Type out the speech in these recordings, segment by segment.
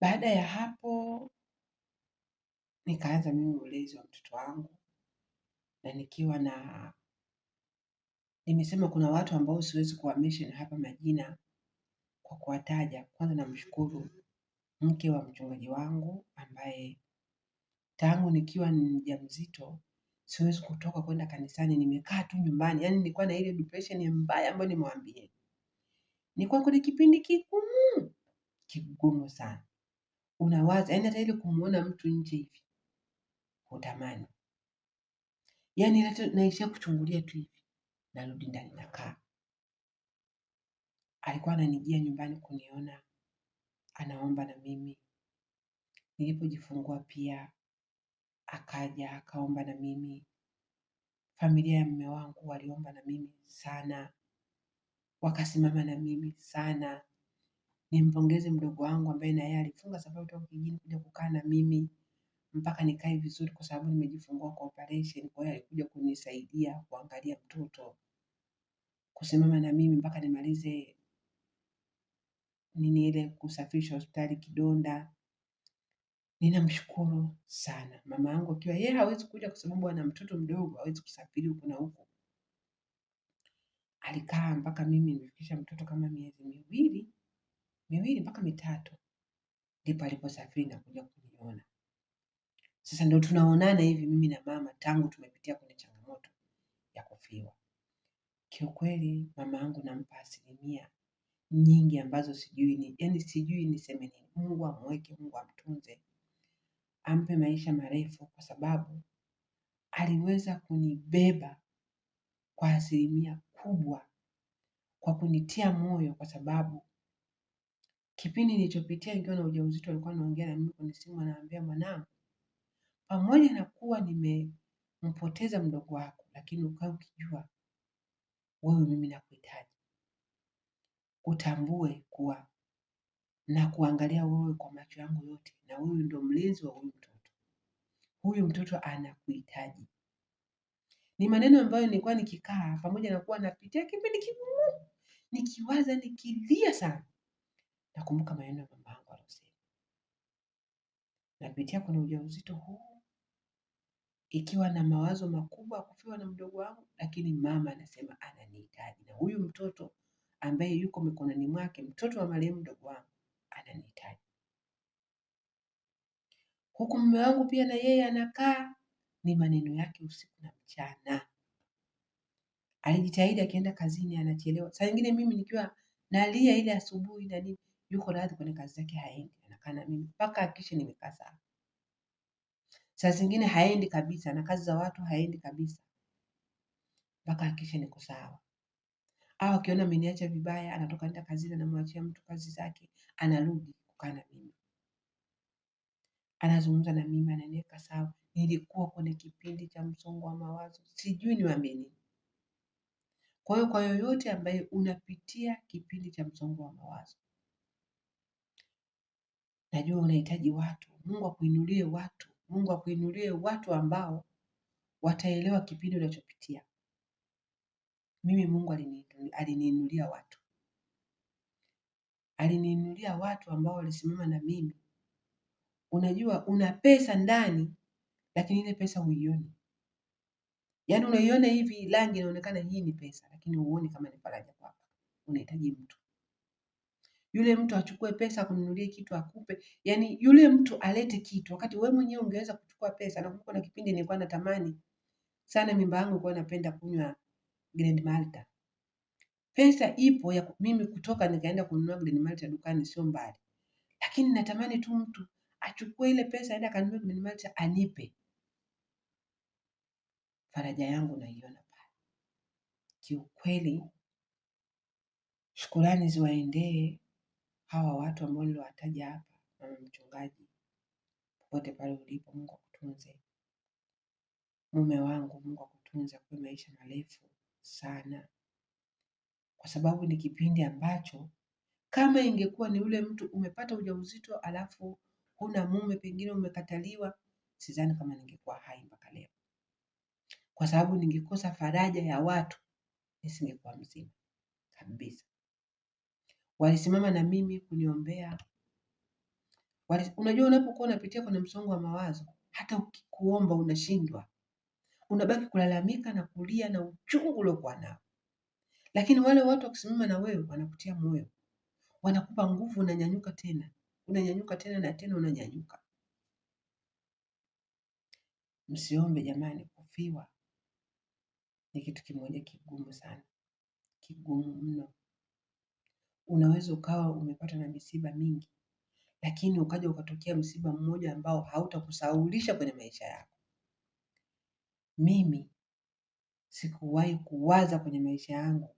Baada ya hapo nikaanza mimi ulezi wa mtoto wangu, na nikiwa na nimesema kuna watu ambao siwezi kuwamention hapa majina kwa kuwataja. Kwanza namshukuru mke wa mchungaji wangu ambaye tangu nikiwa mjamzito siwezi kutoka kwenda kanisani, nimekaa tu nyumbani. yani nilikuwa na ile depression mbaya ambayo nimewambia, nilikuwa kwenye kipindi kigumu kigumu sana unawaza yani hata ile kumuona mtu nje hivi hutamani. Yani naishia kuchungulia tu hivi, narudi ndani nakaa. Alikuwa ananijia nyumbani kuniona, anaomba na mimi. Nilipojifungua pia akaja akaomba na mimi. Familia ya mume wangu waliomba na mimi sana, wakasimama na mimi sana nimpongeze mdogo wangu ambaye na yeye alifunga safari kutoka kijijini kuja kukaa na mimi mpaka nikae vizuri kwa sababu nimejifungua kwa operation. Kwa hiyo alikuja kunisaidia kuangalia mtoto, kusimama na mimi mpaka nimalize nini ile kusafisha hospitali kidonda. Ninamshukuru sana mama yangu, akiwa yeye hawezi kuja kwa sababu ana mtoto mdogo, hawezi kusafiri huku na huku. Alikaa mpaka mimi nimefikisha mtoto kama miezi miwili miwili mpaka mitatu, ndipo aliposafiri na kuja kuniona. Sasa ndio tunaonana hivi mimi na mama tangu tumepitia kwenye changamoto ya kufiwa. Kiukweli mama yangu nampa asilimia nyingi ambazo sijui ni yani, sijui niseme nini. Mungu amweke, Mungu amtunze, ampe maisha marefu, kwa sababu aliweza kunibeba kwa asilimia kubwa, kwa kunitia moyo, kwa sababu Kipindi nilichopitia nikiwa na ujauzito alikuwa anaongea na mimi kwenye simu anaambia, mwanangu, pamoja na kuwa nimempoteza mdogo wako, lakini ukawa ukijua wewe mimi nakuhitaji. Utambue kuwa na kuangalia wewe kwa macho yangu yote, na wewe ndio mlezi wa huyu mtoto. Huyu mtoto anakuhitaji. Ni maneno ambayo nilikuwa nikikaa, pamoja na kuwa napitia kipindi kigumu, nikiwaza, nikilia sana, nakumbuka maneno ya mama yangu aliosema. Napitia kwenye ujauzito huu ikiwa na mawazo makubwa kufiwa na mdogo wangu, lakini mama anasema ananihitaji, na huyu mtoto ambaye yuko mikononi mwake, mtoto wa marehemu mdogo wangu, ananihitaji huku mume wangu pia na yeye anakaa, ni maneno yake usiku na mchana. Alijitahidi akienda kazini anachelewa, saa nyingine mimi nikiwa nalia ile asubuhi na nini, yuko radhi kwenye kazi yake, haendi, anakaa na mimi mpaka akishe nimekaa sawa. Saa zingine haendi kabisa, na kazi za watu haendi kabisa mpaka akishe niko sawa. Au akiona ameniacha vibaya, anatoka nenda kazini, anamwachia mtu kazi zake, anarudi kukaa na mimi, anazungumza na mimi, ananiweka sawa. Nilikuwa kwenye kipindi cha msongo wa mawazo, sijui niwaambie nini. Kwa hiyo, kwa yoyote ambaye unapitia kipindi cha msongo wa mawazo, Najua unahitaji watu, Mungu akuinulie watu, Mungu akuinulie watu ambao wataelewa kipindi unachopitia. Mimi Mungu aliniinulia watu, aliniinulia watu ambao walisimama na mimi. Unajua una pesa ndani, lakini ile pesa huioni, yaani unaiona hivi rangi inaonekana hii ni pesa, lakini huoni kama ni faraja kwako. Unahitaji mtu yule mtu achukue pesa akununulie kitu akupe, yaani yule mtu alete kitu wakati wewe mwenyewe ungeweza kuchukua pesa. Na kuna kipindi nilikuwa natamani sana mimba yangu kuwa napenda kunywa Grand Malta. Pesa ipo ya mimi kutoka nikaenda kununua Grand Malta dukani, sio mbali, lakini natamani tu mtu achukue ile pesa aende akanunue Grand Malta anipe. Faraja yangu naiona pale kiukweli. Shukurani ziwaendee hawa watu ambao niliwataja hapa, mama mchungaji, popote pale ulipo, Mungu akutunze. Mume wangu, Mungu akutunze, kwa maisha marefu sana, kwa sababu ni kipindi ambacho kama ingekuwa ni ule mtu umepata ujauzito alafu huna mume, pengine umekataliwa, sidhani kama ningekuwa hai mpaka leo, kwa sababu ningekosa faraja ya watu, nisingekuwa mzima kabisa walisimama na mimi kuniombea. unajua unapokuwa unapitia kwenye msongo wa mawazo, hata ukikuomba unashindwa, unabaki kulalamika na kulia na uchungu uliokuwa nao, lakini wale watu wakisimama na wewe wanakutia moyo, wanakupa nguvu, unanyanyuka tena, unanyanyuka tena na tena unanyanyuka. Msiombe jamani, kufiwa ni kitu kimoja kigumu sana, kigumu mno unaweza ukawa umepata na misiba mingi, lakini ukaja ukatokea msiba mmoja ambao hautakusaulisha kwenye maisha yako. Mimi sikuwahi kuwaza kwenye maisha yangu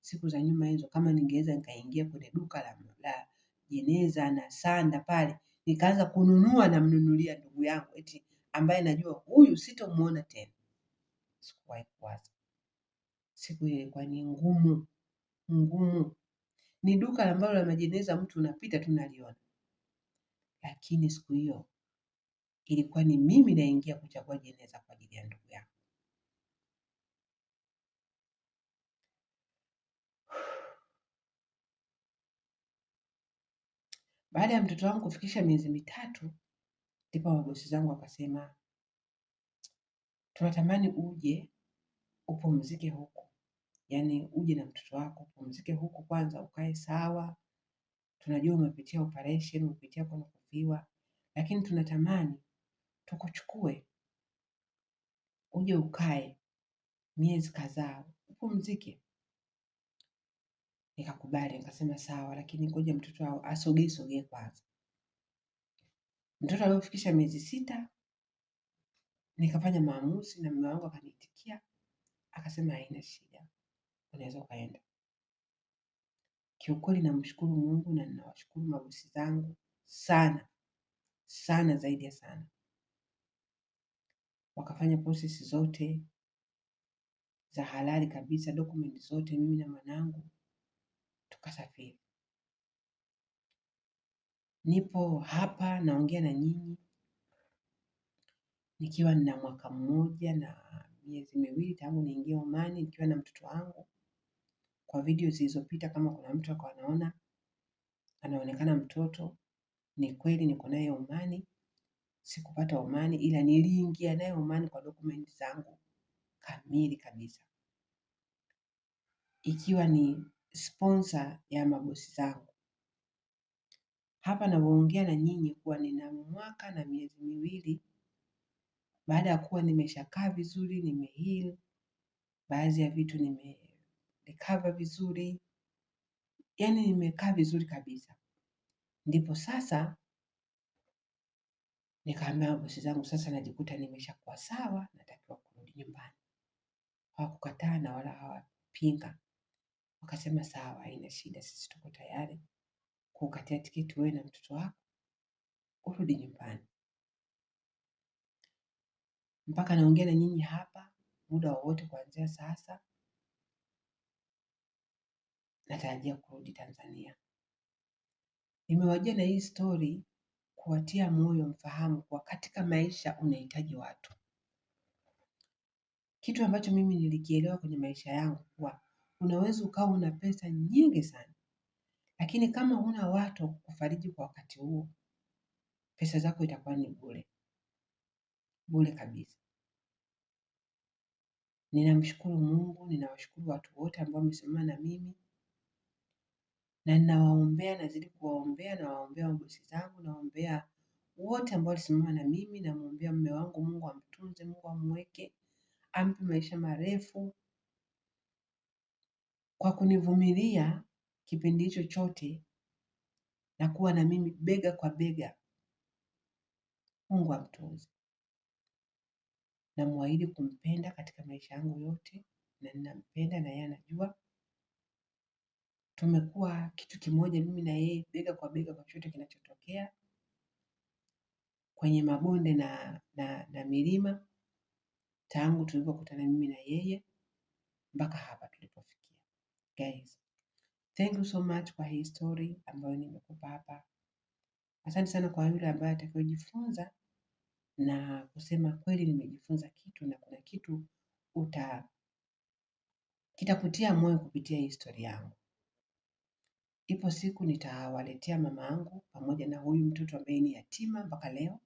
siku za nyuma hizo, kama ningeweza nikaingia kwenye duka la, la jeneza na sanda pale nikaanza kununua, namnunulia ndugu yangu eti ambaye najua huyu sitomuona tena. Sikuwahi kuwaza. Siku ile ilikuwa ni ngumu ngumu, ni duka ambalo la majeneza mtu unapita tu unaliona. Lakini siku hiyo ilikuwa ni mimi naingia kuchagua jeneza kwa ajili ya ndugu yangu. Baada ya mtoto wangu kufikisha miezi mitatu, ndipo mabosi zangu wakasema, tunatamani uje upumzike huku yaani uje na mtoto wako upumzike huku kwanza, ukae sawa. Tunajua umepitia operation, umepitia kunukuliwa, lakini tunatamani tukuchukue uje ukae miezi kadhaa upumzike. Nikakubali, nikasema sawa, lakini ngoja mtoto wao asogee sogee kwanza. Mtoto alipofikisha miezi sita, nikafanya maamuzi na mume wangu akaniitikia, akasema haina shida, unaweza ukaenda. Kiukweli namshukuru Mungu na ninawashukuru mabosi zangu sana sana, zaidi ya sana. Wakafanya prosesi zote za halali kabisa, dokumenti zote, mimi na mwanangu tukasafiri. Nipo hapa naongea na nyinyi nikiwa na mwaka mmoja na miezi miwili tangu niingie Omani nikiwa na mtoto wangu kwa video zilizopita, kama kuna mtu akawa anaona anaonekana mtoto, ni kweli niko naye Omani. Sikupata Omani, ila niliingia naye Omani kwa dokumenti zangu kamili kabisa, ikiwa ni sponsor ya mabosi zangu. Hapa navyoongea na nyinyi kuwa nina mwaka na miezi miwili baada ya kuwa nimeshakaa vizuri, nimeheal baadhi ya vitu nime likava vizuri, yaani nimekaa vizuri kabisa. Ndipo sasa nikaambia bosi zangu, sasa najikuta nimeshakuwa sawa, natakiwa kurudi nyumbani. Hawakukataa na wala hawapinga, wakasema sawa, haina shida, sisi tuko tayari kukatia tiketi wewe na mtoto wako urudi nyumbani. Mpaka naongea na nyinyi hapa, muda wowote kuanzia sasa natarajia kurudi Tanzania. Nimewajia na hii stori kuwatia moyo, mfahamu kuwa katika maisha unahitaji watu. Kitu ambacho mimi nilikielewa kwenye maisha yangu kuwa unaweza ukawa una pesa nyingi sana, lakini kama huna watu wa kukufariji kwa wakati huo, pesa zako itakuwa ni bure bure kabisa. Ninamshukuru Mungu, ninawashukuru watu wote ambao wamesimama na mimi na ninawaombea, nazidi kuwaombea, nawaombea mabosi zangu, nawaombea wote ambao walisimama na mimi, namwombea mume wangu, Mungu amtunze, Mungu amweke, ampe maisha marefu kwa kunivumilia kipindi hicho chote na kuwa na mimi bega kwa bega. Mungu amtunze. Namwahidi kumpenda katika maisha yangu yote na ninampenda na yeye anajua tumekuwa kitu kimoja, mimi na yeye, bega kwa bega kwa chochote kinachotokea kwenye mabonde na, na, na milima tangu tulivyokutana mimi na yeye mpaka hapa tulipofikia. Guys, thank you so much kwa hii story ambayo nimekupa hapa. Asante sana kwa yule ambaye atakayojifunza na kusema kweli, nimejifunza kitu na kuna kitu uta kitakutia moyo kupitia hii story yangu. Ipo siku nitawaletea mama angu pamoja na huyu mtoto ambaye ni yatima mpaka leo,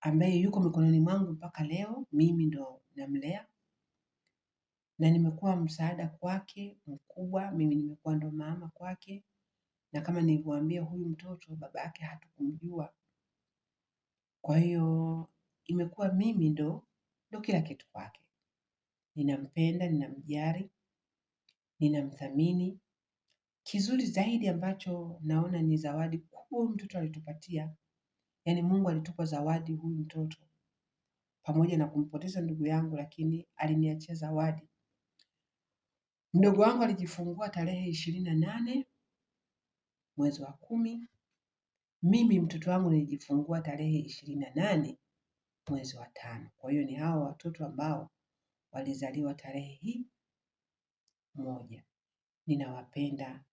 ambaye yuko mikononi mwangu mpaka leo, mimi ndo namlea na nimekuwa msaada kwake mkubwa. Mimi nimekuwa ndo mama kwake, na kama nilivyoambia, huyu mtoto baba yake hatukumjua. Kwa hiyo imekuwa mimi ndo ndo kila kitu kwake. Ninampenda, ninamjali, ninamthamini Kizuri zaidi ambacho naona ni zawadi kubwa mtoto alitupatia, yaani Mungu alitupa zawadi huyu mtoto. Pamoja na kumpoteza ndugu yangu lakini aliniachia zawadi. Mdogo wangu alijifungua tarehe ishirini na nane mwezi wa kumi. Mimi mtoto wangu nilijifungua tarehe ishirini na nane mwezi wa tano. Kwa hiyo ni hawa watoto ambao walizaliwa tarehe hii moja. Ninawapenda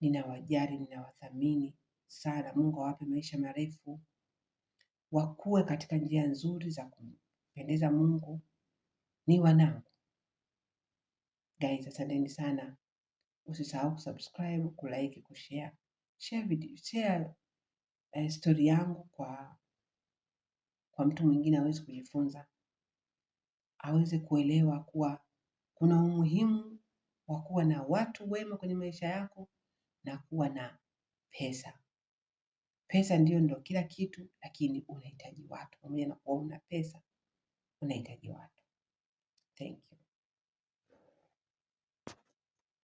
ninawajali, ninawathamini sana. Mungu awape maisha marefu, wakue katika njia nzuri za kumpendeza Mungu. Ni wanangu guys, asanteni sana. Usisahau kusubscribe, kulike, kushare share, video, share uh, story yangu kwa kwa mtu mwingine aweze kujifunza, aweze kuelewa kuwa kuna umuhimu wa kuwa na watu wema kwenye maisha yako na kuwa na pesa. Pesa ndiyo ndo kila kitu, lakini unahitaji watu. Pamoja na kuwa una pesa, unahitaji watu. Thank you.